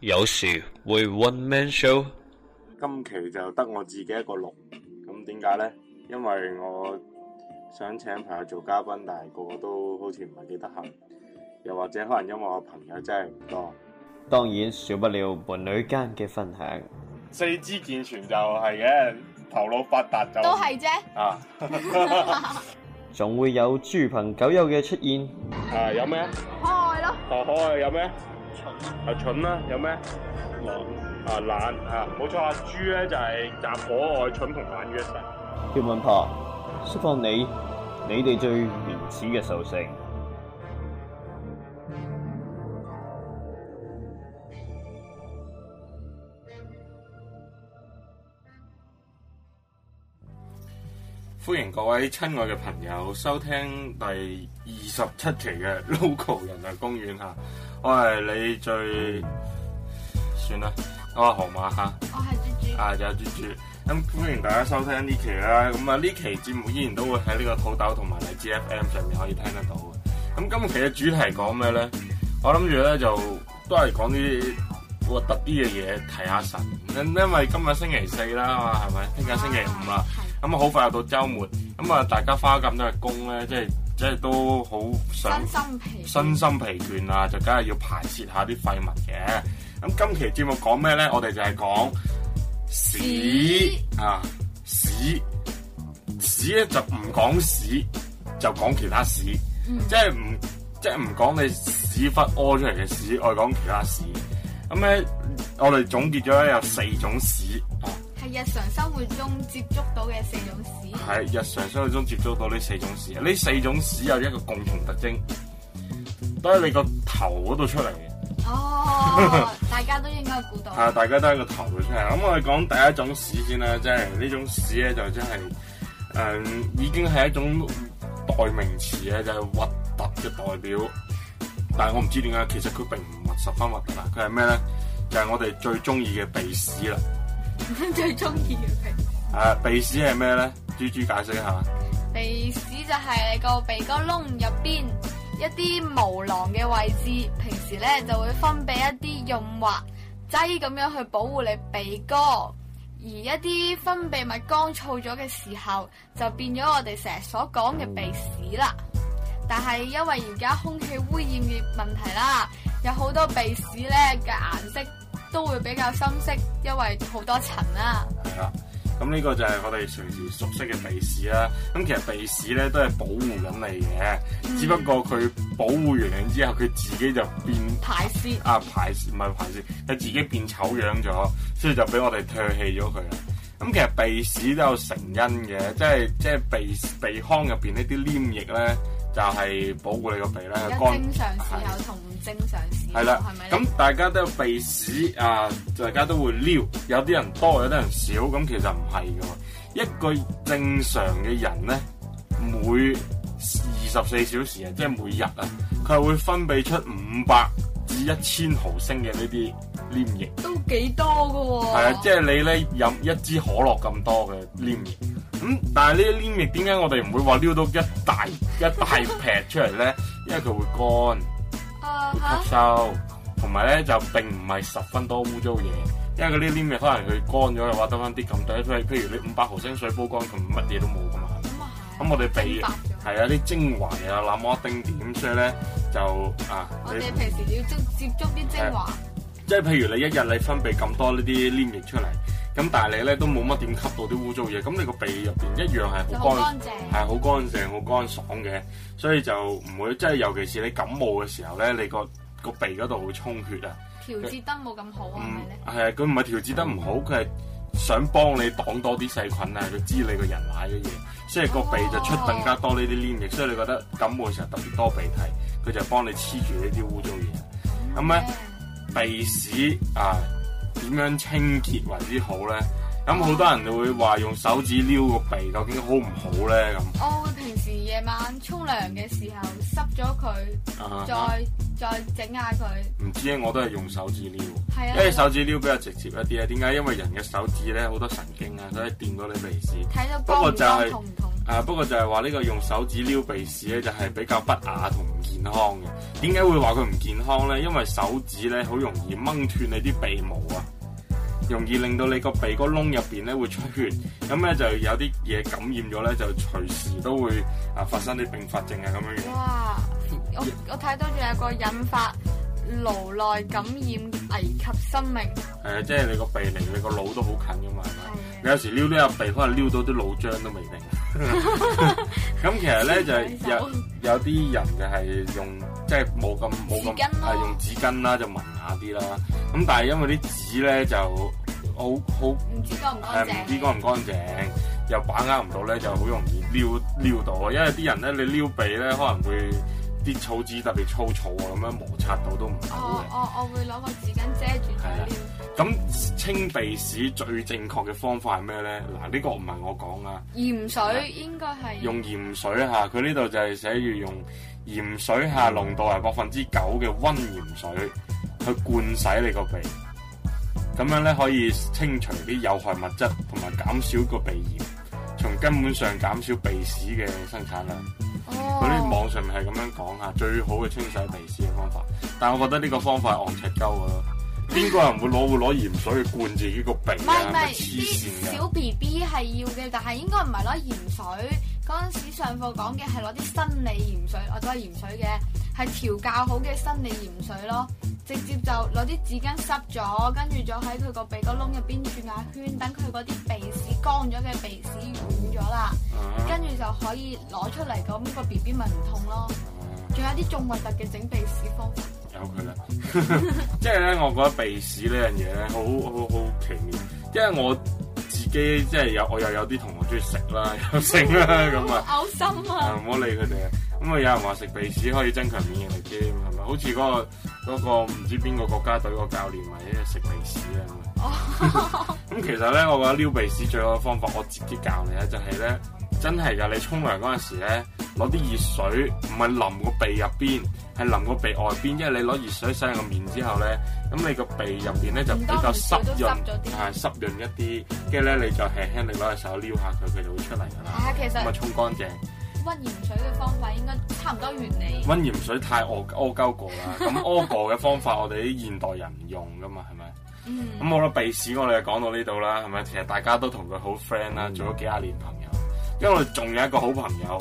有時會 one man show，今期就得我自己一個錄，咁點解咧？因為我想請朋友做嘉賓，但係個個都好似唔係幾得閒，又或者可能因為我朋友真係唔多。當然少不了伴侶間嘅分享，四肢健全就係嘅，頭腦發達就都係啫。啊，仲 會有豬朋狗友嘅出現。啊、uh,，有咩？可愛咯。Uh, 可愛有咩？啊、蠢啦，有咩、狼啊？啊，懶啊，冇錯啊，豬咧就係集可愛、蠢同懶於一身。葉文鵬，釋放你，你哋最原始嘅獸性。歡迎各位親愛嘅朋友收聽第二十七期嘅《local 人類公園》吓，我係你最算啦，哦、何我係河馬吓，我係豬豬，啊有、就是、豬豬咁、嗯，歡迎大家收聽呢期啦，咁啊呢期節目依然都會喺呢個土豆同埋 GFM 上面可以聽得到嘅。咁今期嘅主題講咩咧？嗯、我諗住咧就都係講啲核突啲嘅嘢，提下神，因因為今日星期四啦嘛，係咪？聽日、嗯、星期五啦。咁啊，好快又到周末，咁啊，大家花咁多嘅工咧，即係即係都好想身心疲身心疲倦啊，就梗係要排泄下啲廢物嘅。咁今期節目講咩咧？我哋就係講屎，屎啊，屎屎咧就唔講屎，就講其他屎，即係唔即係唔講你屎忽屙出嚟嘅屎，我哋講其他屎。咁咧，我哋總結咗有四種屎。日常生活中接觸到嘅四種屎，係日常生活中接觸到呢四種屎，呢四種屎有一個共同特徵，都係你個頭嗰度出嚟嘅。哦、啊，大家都應該估到，代，大家都喺個頭度出嚟。咁我哋講第一種屎先啦，即係呢種屎咧就真、就、係、是，誒、嗯，已經係一種代名詞咧，就係核突嘅代表。但係我唔知點解，其實佢並唔十分核突，佢係咩咧？就係、是、我哋最中意嘅鼻屎啦。 最中意嘅鼻屎，誒，鼻屎係咩咧？豬豬解釋一下。鼻屎就係你個鼻哥窿入邊一啲毛囊嘅位置，平時咧就會分泌一啲潤滑劑咁樣去保護你鼻哥，而一啲分泌物乾燥咗嘅時候，就變咗我哋成日所講嘅鼻屎啦。但係因為而家空氣污染嘅問題啦，有好多鼻屎咧嘅顏色都會比較深色，因為好多塵啦、啊。係啦，咁呢個就係我哋隨時熟悉嘅鼻屎啦。咁、嗯、其實鼻屎咧都係保護緊你嘅，嗯、只不過佢保護完你之後，佢自己就變排泄屎啊排泄，唔係排泄，佢自己變醜樣咗，所以就俾我哋唾棄咗佢啦。咁、嗯、其實鼻屎都有成因嘅，即係即係鼻鼻腔入邊呢啲黏液咧。就係保護你個鼻咧，幹。正常時候同唔正常時候的，係咪的？咁大家都有鼻屎啊，呃嗯、大家都會撩，有啲人多，有啲人少，咁其實唔係㗎。一個正常嘅人咧，每二十四小時啊，即係每日啊，佢會分泌出五百至一千毫升嘅呢啲黏液，都幾多㗎喎。係啊是，即係你咧飲一支可樂咁多嘅黏液。咁、嗯、但係呢啲黏液點解我哋唔會話撩到一大 一大劈出嚟咧，因為佢會乾，uh, 會吸收，同埋咧就並唔係十分多污糟嘢，因為嗰啲黏液可能佢乾咗嘅話，得翻啲咁多出嚟。譬如你五百毫升水煲乾，佢乜嘢都冇噶嘛。咁我哋鼻係啊啲精華、啊、那麼一丁點，點，所以咧就啊。你我哋平時要接接觸啲精華。即係、啊就是、譬如你一日你分泌咁多呢啲黏液出嚟。咁但係你咧都冇乜點吸到啲污糟嘢，咁你個鼻入邊一樣係好乾淨，係好乾淨、好乾爽嘅，所以就唔會即係，即係、尤其是你感冒嘅時候咧，你個個鼻嗰度會充血啊，調節得冇咁好係咪咧？係啊，佢唔係調節得唔好，佢係、嗯、想幫你擋多啲細菌啊，佢知你個人奶嘅嘢，所以個鼻就出更加多呢啲黏液，oh, oh, oh, oh. 所以你覺得感冒嘅時候特別多鼻涕，佢就幫你黐住 Okay. 呢啲污糟嘢，咁咧鼻屎啊。點樣清潔為之好咧？咁好多人就會話用手指撩個鼻好好，究竟好唔好咧？咁我會平時夜晚沖涼嘅時候濕咗佢，啊、再、啊、再整下佢。唔知啊，我都係用手指撩。係啊，因為手指撩比較直接一啲啊。點解？因為人嘅手指咧好多神經啊，所以掂到你鼻屎。睇到光光，就係、光，光痛唔痛？啊，不過就係話呢個用手指撩鼻屎咧，就係比較不雅同健康嘅，點解會話佢唔健康咧？因為手指咧好容易掹斷你啲鼻毛啊，容易令到你個鼻個窿入邊咧會出血，咁咧就有啲嘢感染咗咧，就隨時都會啊發生啲病發症啊咁樣樣。哇，我我睇到仲有個引發顱內感染，危及生命。即係、就是、你個鼻離，你個腦都好近噶嘛，係咪？的你有時撩呢個鼻，可能撩到啲腦漿都未定。咁 其實咧就係、是、有有啲人就係用即係冇咁冇咁，用紙巾啦，就聞、是、下啲啦。咁但係因為啲紙咧就好好唔知乾唔乾淨，又把握唔到咧，就好容易撩撩到。因為啲人咧，你撩鼻咧，可能會。啲草紙特別粗糙啊，咁樣摩擦到都唔好、哦。我我我會攞個紙巾遮住佢。咁清鼻屎最正確嘅方法係咩咧？嗱、這個，呢個唔係我講啊。鹽水的應該係。用鹽水下佢呢度就係寫住用鹽水下濃度係百分之九嘅温鹽水去灌洗你個鼻，咁樣咧可以清除啲有害物質，同埋減少個鼻炎，從根本上減少鼻屎嘅生產量。嗰啲、哦、網上面係咁樣講下最好嘅清洗鼻屎嘅方法，但係我覺得呢個方法係戇直鳩嘅咯。邊個人會攞會攞鹽水去灌自己個鼻啊？唔係唔係，黐線嘅小 B B 係要嘅，但係應該唔係攞鹽水。嗰陣時上課講嘅係攞啲生理鹽水，我都係鹽水嘅。係調教好嘅生理鹽水咯，直接就攞啲紙巾濕咗，跟住就喺佢個鼻哥窿入邊轉下圈，等佢嗰啲鼻屎乾咗嘅鼻屎軟咗啦，跟住就可以攞出嚟，咁個 B B 咪唔痛咯。仲有啲仲核突嘅整鼻屎方法，有佢他啦。即係咧，我覺得鼻屎呢樣嘢咧，好好好奇妙。因為我自己即係、就是、有，我又有啲同學中意食啦， 又食啦咁啊，嘔 心啊，唔好理佢哋。咁啊！有人話食鼻屎可以增強免疫力添，係咪？好似嗰個嗰個唔知邊個國家隊個教練咪一日食鼻屎啊！咁 其實咧，我覺得撩鼻屎最好嘅方法，我自己教你咧，就係咧，真係㗎！你沖涼嗰陣時咧，攞啲熱水，唔係淋個鼻入邊，係淋個鼻外邊。因為你攞熱水洗下個面之後咧，咁你個鼻入邊咧就比較濕潤，係濕潤、嗯、濕潤一啲。跟住咧，你就輕輕地攞隻手撩下佢，佢就會出嚟㗎啦。咁啊，沖乾淨。溫鹽水嘅方法應該差唔多原理。溫鹽水太惡，惡過啦，咁惡過嘅方法我哋啲現代人唔用噶嘛，係咪？咁我咧鼻屎我哋講到呢度啦，係咪？其實大家都同佢好 friend 啦，做咗幾廿年朋友。因為我哋仲有一個好朋友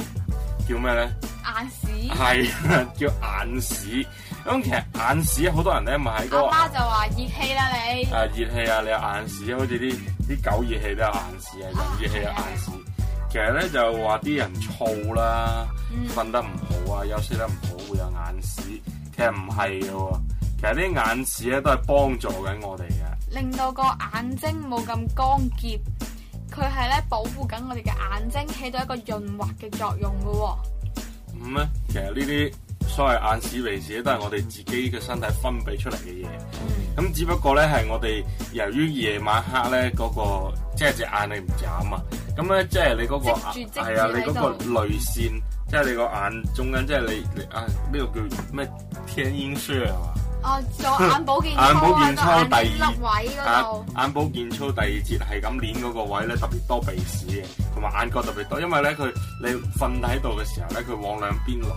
叫咩咧？眼屎係，叫眼屎。咁其實眼屎好多人咧咪喺。阿媽就話熱氣啦你。啊，熱氣啊你有眼屎，好似啲啲狗熱氣都有眼屎啊，人熱氣啊眼屎。其實咧就話啲人燥啦，瞓、嗯、得唔好啊，休息得唔好會有眼屎。其實唔係喎，其實啲眼屎咧都係幫助緊我哋嘅，令到個眼睛冇咁乾澀，佢係咧保護緊我哋嘅眼睛，起到一個潤滑嘅作用喎。咁咧、嗯，其實呢啲。所謂眼屎、鼻屎都係我哋自己嘅身體分泌出嚟嘅嘢，咁、嗯、只不過咧係我哋由於夜晚黑咧嗰個即係隻眼你唔眨啊，咁咧即係你嗰個係啊，你嗰個淚腺，即係你個眼中間，即係你你，你啊，呢、呢個叫咩天陰穴係嘛。哦，做眼保健操 保健操嗰粒粒嗰度第二位嗰度，眼保健操第二節係咁捻嗰個位咧，特別多鼻屎嘅，同埋眼角特別多，因為咧佢你瞓喺度嘅時候咧，佢往兩邊落，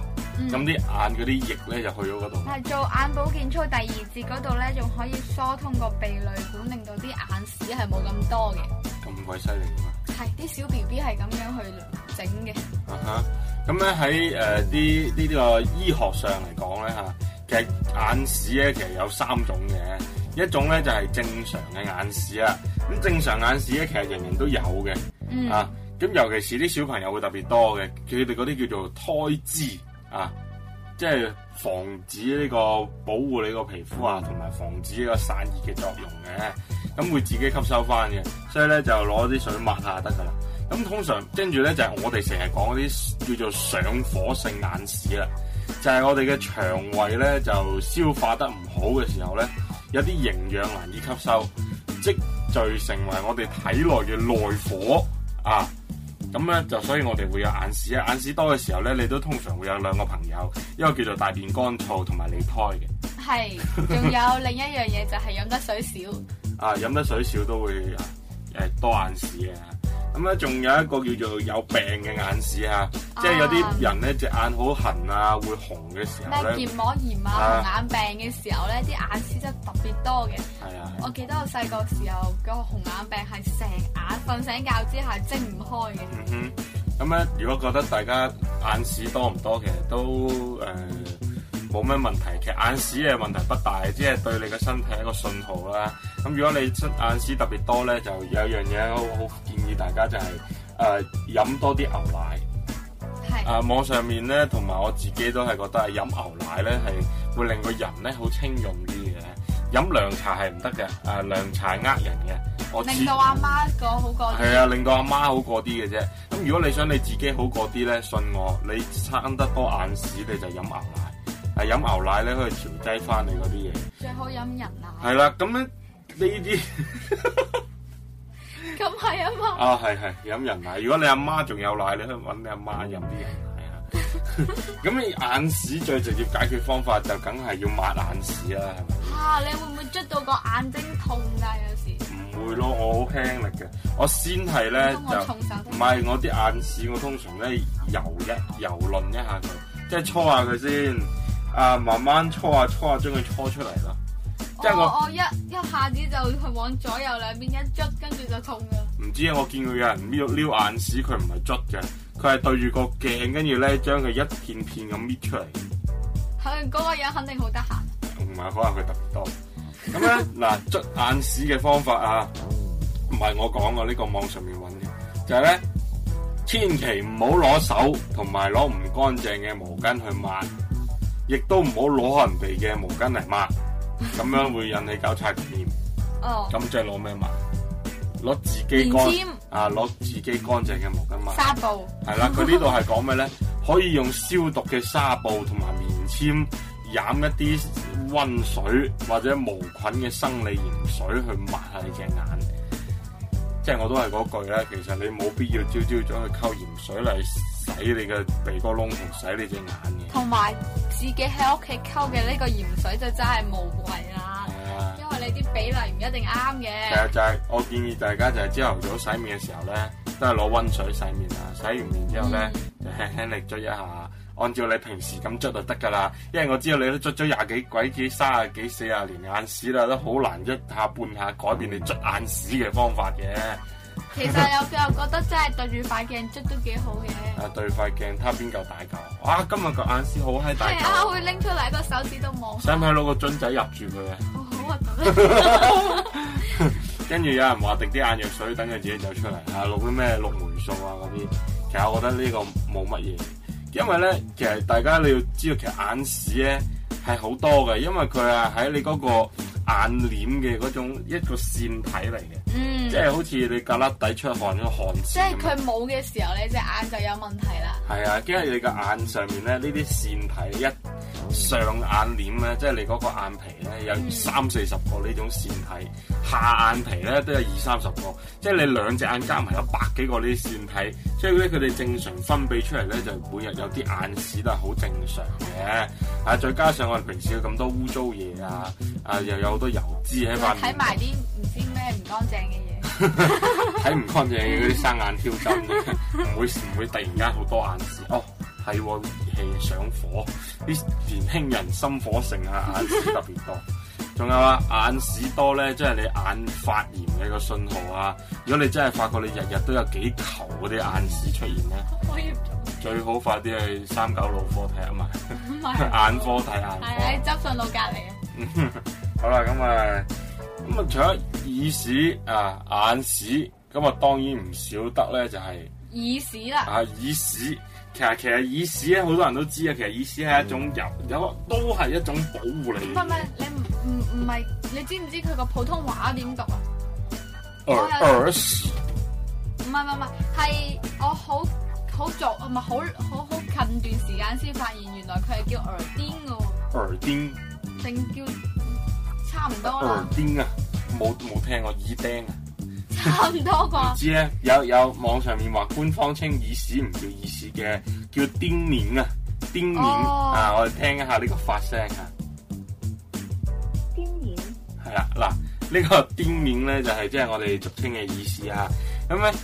咁啲、嗯、眼嗰啲液咧就去咗嗰度。係做眼保健操第二節嗰度咧，仲可以疏通個鼻淚管，令到啲眼屎係冇咁多嘅。咁鬼犀利嘅咩？係啲小 B B 係咁樣去整嘅。啊哈，咁咧喺誒啲呢啲個醫學上嚟講咧吓。啊其實眼屎咧，其實有三種嘅，一種咧就係正常嘅眼屎啊。咁正常眼屎咧，其實人人都有嘅，嗯、啊，咁尤其是啲小朋友會特別多嘅，佢哋嗰啲叫做胎脂啊，即係防止呢個保護你個皮膚啊，同埋防止呢個散熱嘅作用嘅，咁會自己吸收翻嘅，所以咧就攞啲水抹下得噶啦。咁通常跟住咧就係我哋成日講嗰啲叫做上火性眼屎啦。就係我哋嘅腸胃咧，就消化得唔好嘅時候咧，有啲營養難以吸收，積聚成為我哋體內嘅內火啊！咁咧就所以我哋會有眼屎啊，眼屎多嘅時候咧，你都通常會有兩個朋友，一個叫做大便乾燥同埋脷苔嘅。係，仲有另一樣嘢就係飲得水少。 啊，飲得水少都會誒、呃、多眼屎嘅。咁咧，仲、嗯、有一個叫做有病嘅眼屎下，啊、即係有啲人咧隻眼好痕啊，會紅嘅時候咧，結膜炎啊，啊紅眼病嘅時候咧，啲眼屎真係特別多嘅。係啊！啊我記得我細個時候個紅眼病係成眼瞓醒覺之下，睜唔開嘅。咁、嗯、咧、嗯，如果覺得大家眼屎多唔多，其實都誒冇咩問題。其實眼屎嘅問題不大，即、就、係、是、對你嘅身體一個信號啦。咁、嗯、如果你出眼屎特別多咧，就有樣嘢好。大家就係、是、誒、呃、飲多啲牛奶，啊是、呃、網上面咧同埋我自己都係覺得是飲牛奶咧係會令個人咧好清潤啲嘅，飲涼茶係唔得嘅，誒、呃、涼茶呃人嘅。我令到阿媽個好過啲，係啊，令到阿媽,媽好過啲嘅啫。咁如果你想你自己好過啲咧，信我，你撐得多眼屎，你就喝牛、呃、飲牛奶。係飲牛奶咧可以調劑翻你嗰啲嘢，最好飲人奶。係啦，咁咧呢啲。 咁係啊嘛！啊係係飲人奶，如果你阿媽仲有奶，你去搵你阿媽飲啲人奶啊！咁 你眼屎最直接解決方法就梗係要抹眼屎啦，係咪？啊，你會唔會捽到個眼睛痛㗎？有時唔會咯，我好輕力嘅。我先係咧就唔係我啲眼屎，我通常咧油一油撚一下佢，即係搓下佢先。啊，慢慢搓下搓下將佢搓出嚟啦。即係我，哦、我一一下子就去往左右兩邊一捽，跟住就痛噶。唔知啊，我見佢有人撩撩眼屎，佢唔係捽嘅，佢係對住個鏡，跟住咧將佢一片片咁搣出嚟。係嗰個人肯定好得閒，同埋可能佢特別多。咁咧嗱，捽 眼屎嘅方法啊，唔係我講過呢個網上面搵嘅，就係、是、咧，千祈唔好攞手，同埋攞唔乾淨嘅毛巾去抹，亦都唔好攞人哋嘅毛巾嚟抹。咁樣會引起交叉感染，咁即係攞咩抹？攞自己乾啊，攞自己乾淨嘅毛巾抹。紗布係啦，佢呢度係講咩咧？可以用消毒嘅紗布同埋棉籤，飲一啲溫水或者無菌嘅生理鹽水去抹下你隻眼。即係我都係嗰句咧，其實你冇必要朝朝早去溝鹽水嚟。洗你個鼻哥窿同洗你隻眼嘅，同埋自己喺屋企溝嘅呢個鹽水就真係無謂啦，的因為你啲比例唔一定啱嘅。係啊，就係、是、我建議大家就係朝頭早洗面嘅時候咧，都係攞溫水洗面啊，洗完面之後咧，嗯、就輕輕力捽一下，按照你平時咁捽就得噶啦。因為我知道你都捽咗廿幾、鬼幾、三啊幾、四啊年眼屎啦，都好難一下半下改變你捽眼屎嘅方法嘅。 其實有佢又覺得真係對住 塊鏡捽都幾好嘅。啊，對塊鏡睇下邊嚿大嚿，啊今日個眼屎好閪大。係啊，我會拎出嚟個手指都冇。使唔使攞個樽仔入住佢？好核突。跟住有人話滴啲眼藥水，等佢自己走出嚟。啊，落啲咩？落綠霉素啊嗰啲。其實我覺得呢個冇乜嘢，因為咧，其實大家你要知道，其實眼屎咧係好多嘅，因為佢啊喺你嗰個。眼瞼嘅嗰種一個腺體嚟嘅，嗯，即係好似你隔粒底出汗嗰汗腺，即係佢冇嘅時候咧，隻眼就有問題啦。係啊，因為你個眼上面咧，呢啲腺體一上眼瞼咧，即係你嗰個眼皮咧有三四十個呢種腺體，嗯、下眼皮咧都有二三十個，即係你兩隻眼加埋有百幾個呢啲腺體，所以咧佢哋正常分泌出嚟咧就係每日有啲眼屎都係好正常嘅，啊，再加上我哋平時有咁多污糟嘢啊，啊又有。多油脂喺塊，睇埋啲唔知咩唔乾淨嘅嘢，睇唔 乾淨嘅嗰啲生眼挑針，唔 會唔會突然間好多眼屎 哦。睇熱、哦、氣上火，啲年輕人心火盛啊，眼屎特別多。仲 有啊，眼屎多咧，即係你眼發炎嘅一個信號啊。如果你真係發覺你日日都有幾球嗰啲眼屎出現咧，可以做，最好快啲去三九路科睇啊嘛，唔係 眼科睇下， 係喺執信路隔離。好啦，咁啊，咁啊，除咗耳屎啊、眼屎，咁、就是、啊，當然唔少得咧，就係耳屎啦。啊，耳屎，其實其實耳屎咧，好多人都知啊。其實耳屎係一種油，嗯、有都係一種保護嚟嘅。唔係，你唔唔係，你知唔知佢個普通話點讀啊？耳屎、er,。唔係唔係係，我好好早唔係好好好，好近段時間先發現，原來佢係叫耳釘噶。耳釘、er din。定叫。耳釘、哦、啊，冇冇聽過耳釘啊，差唔多啩。 唔知咧、啊，有有網上面話官方稱耳屎唔叫耳屎嘅，叫丁面啊，釘面、哦、啊，我哋聽一下呢個發聲丁面啊。釘面係啦，嗱呢個丁面咧就係即係我哋俗稱嘅耳屎啊，咁、嗯、咧。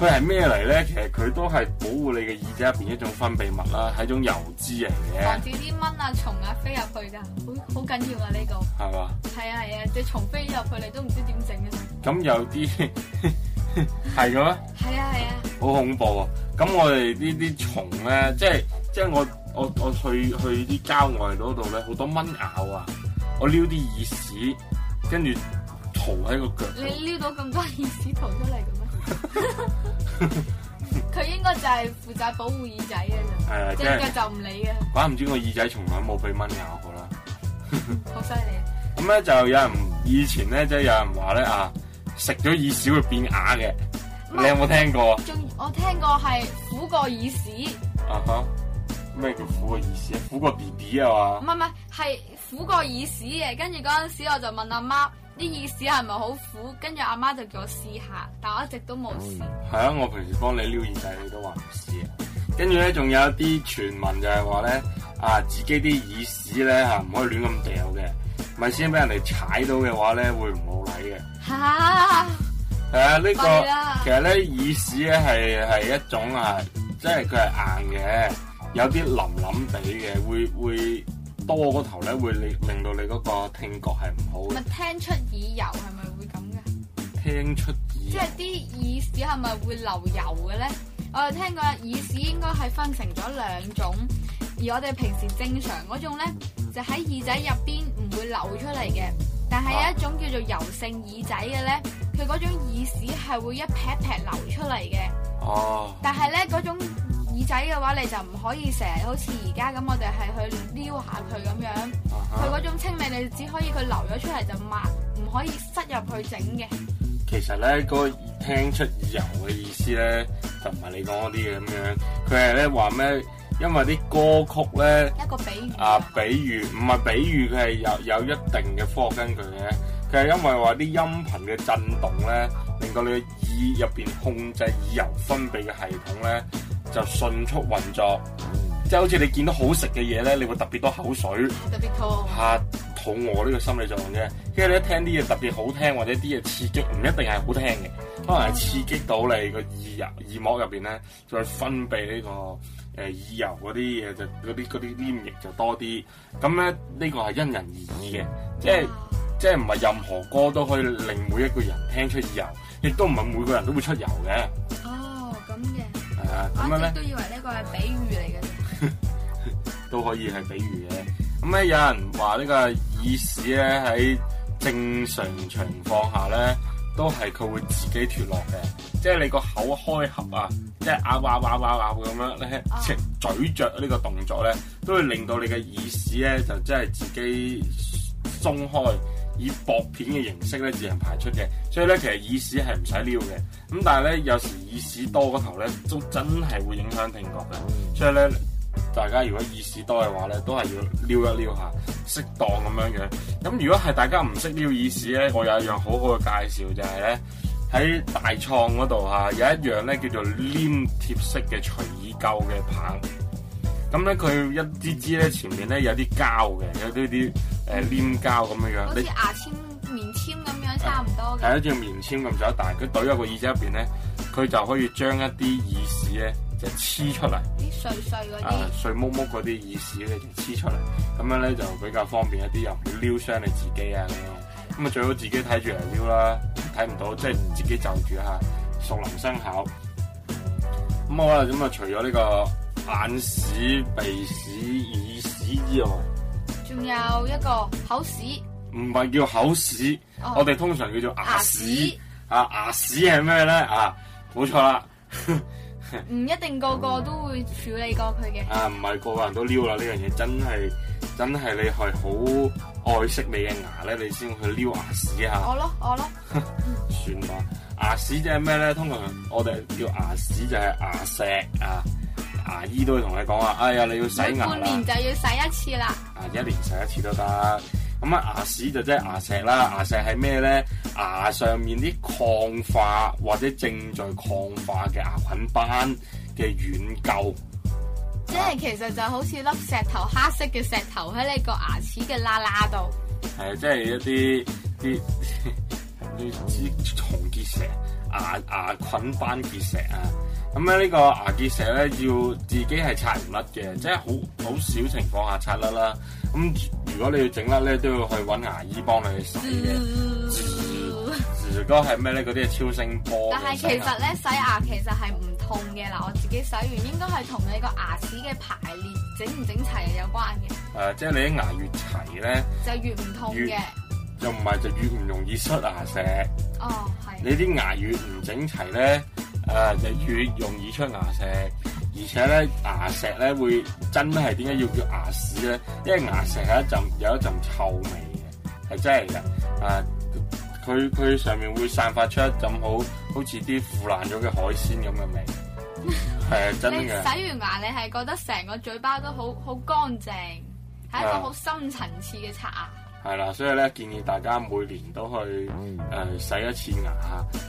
佢係咩嚟咧？其實佢都係保護你嘅耳仔入邊一種分泌物啦，係種油脂嚟嘅。防止啲蚊啊、蟲啊飛入去㗎，好好緊要啊！呢、呢個係嘛？係啊係啊，隻蟲飛入去你都唔知點整啊！咁有啲係嘅咩？係啊係啊，好恐怖啊！咁我哋呢啲蟲咧，即係即係我我我去去啲郊外嗰度咧，好多蚊咬啊！我撩啲耳屎，跟住塗喺個腳。你撩到咁多耳屎塗出嚟？佢 應該就係負責保護耳仔嘅，隻腳的是就唔理嘅。鬼唔知我耳仔從來冇俾蚊咬過啦，好犀利。咁 咧、 嗯、就有人以前咧即係有人話咧啊，食咗耳屎會變啞嘅，嗯、你有冇聽過？仲我聽過係苦過耳屎。啊哈、uh，咩、huh, 叫苦過耳屎啊？苦過 B B 啊嘛？唔係唔係，係、嗯嗯、苦過耳屎嘅。跟住嗰陣時我就問阿媽。啲耳屎係咪好苦？跟住阿媽就叫我試下，但我一直都冇試。係、嗯、啊，我平時幫你撩耳仔，你都話唔試啊。跟住咧，仲有啲傳聞就係話咧，啊自己啲耳屎咧嚇唔可以亂咁掉嘅，咪先俾人哋踩到嘅話咧會唔好睇嘅。吓係啊，呢、啊這個、啊、其實咧耳屎咧係係一種啊，即係佢係硬嘅，有啲腍腍地嘅，會會。多個頭咧，會令令到你嗰個聽覺係唔好。咪聽出耳油係咪會咁嘅？聽出耳即係啲耳屎係咪會流油嘅咧？我係聽過耳屎應該係分成咗兩種，而我哋平時正常嗰種咧，就喺耳仔入邊唔會流出嚟嘅。但係有一種叫做油性耳仔嘅咧，佢嗰種耳屎係會一撇撇流出嚟嘅。哦。但係咧嗰種，耳仔嘅話，你就唔可以成日好似而家咁，我哋係去撩下佢咁樣。佢嗰種清味，你只可以佢流咗出嚟就抹，唔可以塞入去整嘅。其實咧，嗰個聽出耳油嘅意思咧，就唔係你講嗰啲嘅咁樣。佢係咧話咩？因為啲歌曲咧，一個比喻啊，比喻唔係比喻，佢係有有一定嘅科學根據嘅。佢係因為話啲音頻嘅震動咧，令到你嘅耳入邊控制耳油分泌嘅系統咧。就迅速運作，即係好似你見到好食嘅嘢咧，你會特別多口水，特別肚，嚇肚餓呢個心理作用啫，跟住你一聽啲嘢特別好聽，或者啲嘢刺激，唔一定係好聽嘅，可能係刺激到你個耳、耳膜入邊咧，再分泌呢、呢個誒、呃、耳油嗰啲嘢，就嗰啲啲黏液就多啲。咁咧呢、呢個係因人而異嘅，即係哇即係唔係任何歌都可以令每一個人聽出耳油，亦都唔係每個人都會出油嘅。哦，咁嘅。咁咧都以為呢個係比喻嚟嘅， 都可以係比喻嘅。咁、嗯、咧有人話呢個耳屎咧喺正常情況下咧，都係佢會自己脫落嘅。即係你個口開合啊，嗯、即係啊哇哇哇哇咁樣咧，食、啊、咀嚼呢個動作咧，都會令到你嘅耳屎咧就即係自己鬆開。以薄片嘅形式咧自行排出嘅，所以咧其實耳屎係唔使撩嘅。咁但係咧有時耳屎多嗰頭咧，都真係會影響聽覺嘅。所以咧，大家如果耳屎多嘅話咧，都係要撩一撩下，適當咁樣樣。咁如果係大家唔識撩耳屎咧，我有一樣好好嘅介紹就係咧，喺大創嗰度嚇有一樣咧叫做黏貼式嘅除耳垢嘅棒。咁咧佢一支支咧前面咧有啲膠嘅，有啲啲。誒黏膠咁樣樣，好似牙籤、你棉籤咁樣差唔多嘅，係一隻棉籤咁仔大，佢懟入個耳仔入面咧，佢就可以將一啲耳屎咧就黐、是、出嚟、啊，碎碎嗰啲，碎毛毛嗰啲耳屎咧就黐出嚟，咁樣咧就比較方便一啲，又唔會撩傷你自己啊咁樣，咁啊最好自己睇住嚟撩啦，睇唔到即係、就是、自己就住下。熟能生巧，咁好啦咁啊，除咗呢個眼屎、鼻屎、耳屎之外。仲有一個口屎，唔係叫口屎，oh. 我哋通常叫做牙屎。牙屎啊，牙屎係咩咧？啊，冇錯啦，唔 一定個個都會處理過佢嘅。啊，唔係個個人都撩啦，呢樣嘢真係真係你係好愛惜你嘅牙咧，你先去撩牙屎啊。我咯，我咯，算啦了，嗯、牙屎即係咩咧？通常我哋叫牙屎就係牙石啊。牙醫都會同你講啊，哎呀，你要洗牙啦，半年就要洗一次啦。啊，一年洗一次都得。咁啊，牙屎就即係牙石啦，牙石係咩咧？牙上面啲礦化或者正在礦化嘅牙菌斑嘅軟垢。即係是、啊、其實就好似粒石頭，黑色嘅石頭喺你個牙齒嘅啦啦度。係即係一啲啲啲啲重結石、牙牙菌斑結石啊。咁咧，呢個牙結石咧，要自己係刷唔甩嘅，即係好好少情況下刷甩啦。咁如果你要整甩咧，都要去搵牙醫幫你去洗嘅。如果係咩咧？嗰啲係超聲波。但係其實咧，洗牙其實係唔痛嘅。嗱，我自己洗完應該係同你個牙齒嘅排列整唔整齊有關嘅。誒、呃，即係你啲牙越齊咧，就越唔痛嘅。又唔係就越唔容易塞牙石。哦，係。你啲牙越唔整齊咧？誒，就、啊、越容易出牙石，而且咧牙石咧會真係點解要叫牙屎咧？因為牙石係有一陣有一陣臭味嘅，係真係嘅。啊，佢佢上面會散發出一陣好好似啲腐爛咗嘅海鮮咁嘅味。係啊，真嘅。你洗完牙，你係覺得成個嘴巴都好好乾淨，係一個好深層次嘅刷牙。係啦，所以咧建議大家每年都去誒、呃、洗一次牙。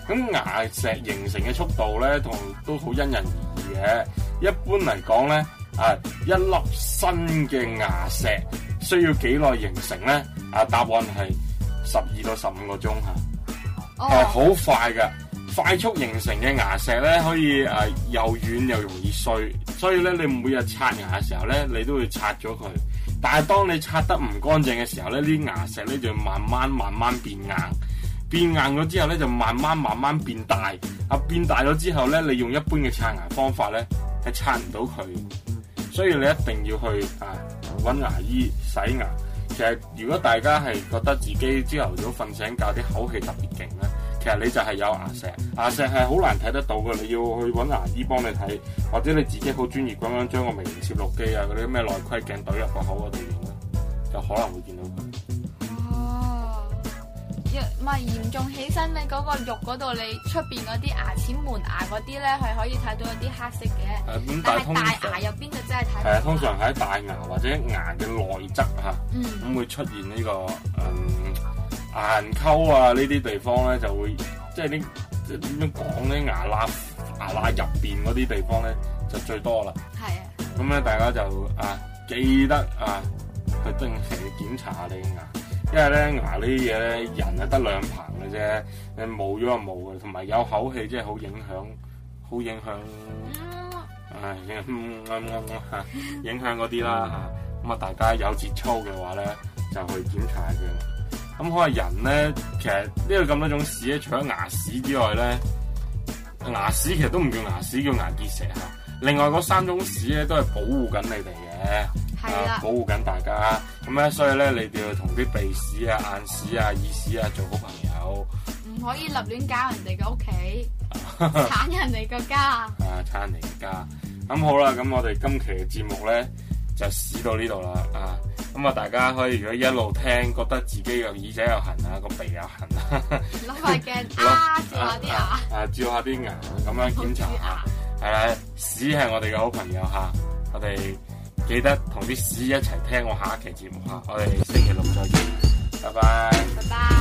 咁牙石形成嘅速度咧，同都好因人而異嘅。一般嚟講咧，啊一粒新嘅牙石需要幾耐形成咧？啊答案係十二到十五個鐘吓，係好、oh. 啊、快嘅。快速形成嘅牙石咧，可以誒、啊、又軟又容易碎，所以咧你每日刷牙嘅時候咧，你都會刷咗佢。但係當你刷得唔乾淨嘅時候咧，啲牙石咧就慢慢慢慢變硬，變硬咗之後咧就慢慢慢慢變大，啊變大咗之後咧，你用一般嘅刷牙方法咧係刷唔到佢，所以你一定要去啊揾牙醫洗牙。其實如果大家係覺得自己朝頭早瞓醒覺啲口氣特別勁咧。其實你就係有牙石，牙石係好難睇得到嘅，你要去搵牙醫幫你睇，或者你自己好專業咁樣將個微型攝錄機啊嗰啲咩內窺鏡懟入個口嗰度影啦，就可能會見到佢。哦，唔係嚴重起身，你嗰個肉嗰度，你出邊嗰啲牙齒門牙嗰啲咧係可以睇到有啲黑色嘅，但係大牙入邊就真係睇唔到。係啊，通常喺大牙或者牙嘅內側嚇，咁、嗯、會出現呢、呢個誒。嗯牙溝啊，呢啲地方咧就會，即係啲，即係點樣講咧？牙罅牙罅入邊嗰啲地方咧就最多啦。係啊的。咁咧，大家就啊記得啊去定期檢查下你嘅牙，因為咧牙呢啲嘢咧，人得兩棚嘅啫，你冇咗啊冇嘅，同埋有口氣即係好影響，好影響，啊影影響嗰啲啦嚇。咁啊，大家有節操嘅話咧，就去檢查嘅。咁可能人咧，其實呢度咁多種屎咧，除咗牙屎之外咧，牙屎其實都唔叫牙屎，叫牙結石。另外嗰三種屎咧，都係保護緊你哋嘅，的保護緊大家。咁咧，所以咧，你哋要同啲鼻屎啊、眼屎啊、耳屎啊做好朋友，唔可以立亂搞人哋嘅屋企，鏟人哋嘅家。 家家啊，鏟人哋嘅家。咁好啦，咁我哋今期嘅節目咧，就屎到呢度啦啊！咁、嗯、啊，大家可以如果一路聽，覺得自己個耳仔又痕啊，個鼻又痕 啊，攞埋鏡揸下啲牙，啊照下啲牙，咁樣檢查下。啊、是的，屎係我哋嘅好朋友嚇，我哋記得同啲屎一齊聽我下一期節目嚇，我哋星期六再見，拜拜。拜拜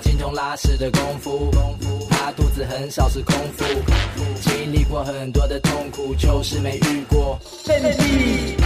精通拉屎的功夫，他肚子很少是空腹。經歷過很多的痛苦，就是沒遇過。妹妹。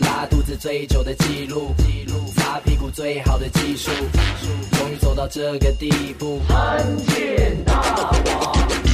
拉肚子最久的記錄，記錄擦屁股最好的技術，技術，終於走到這個地步，參見大王。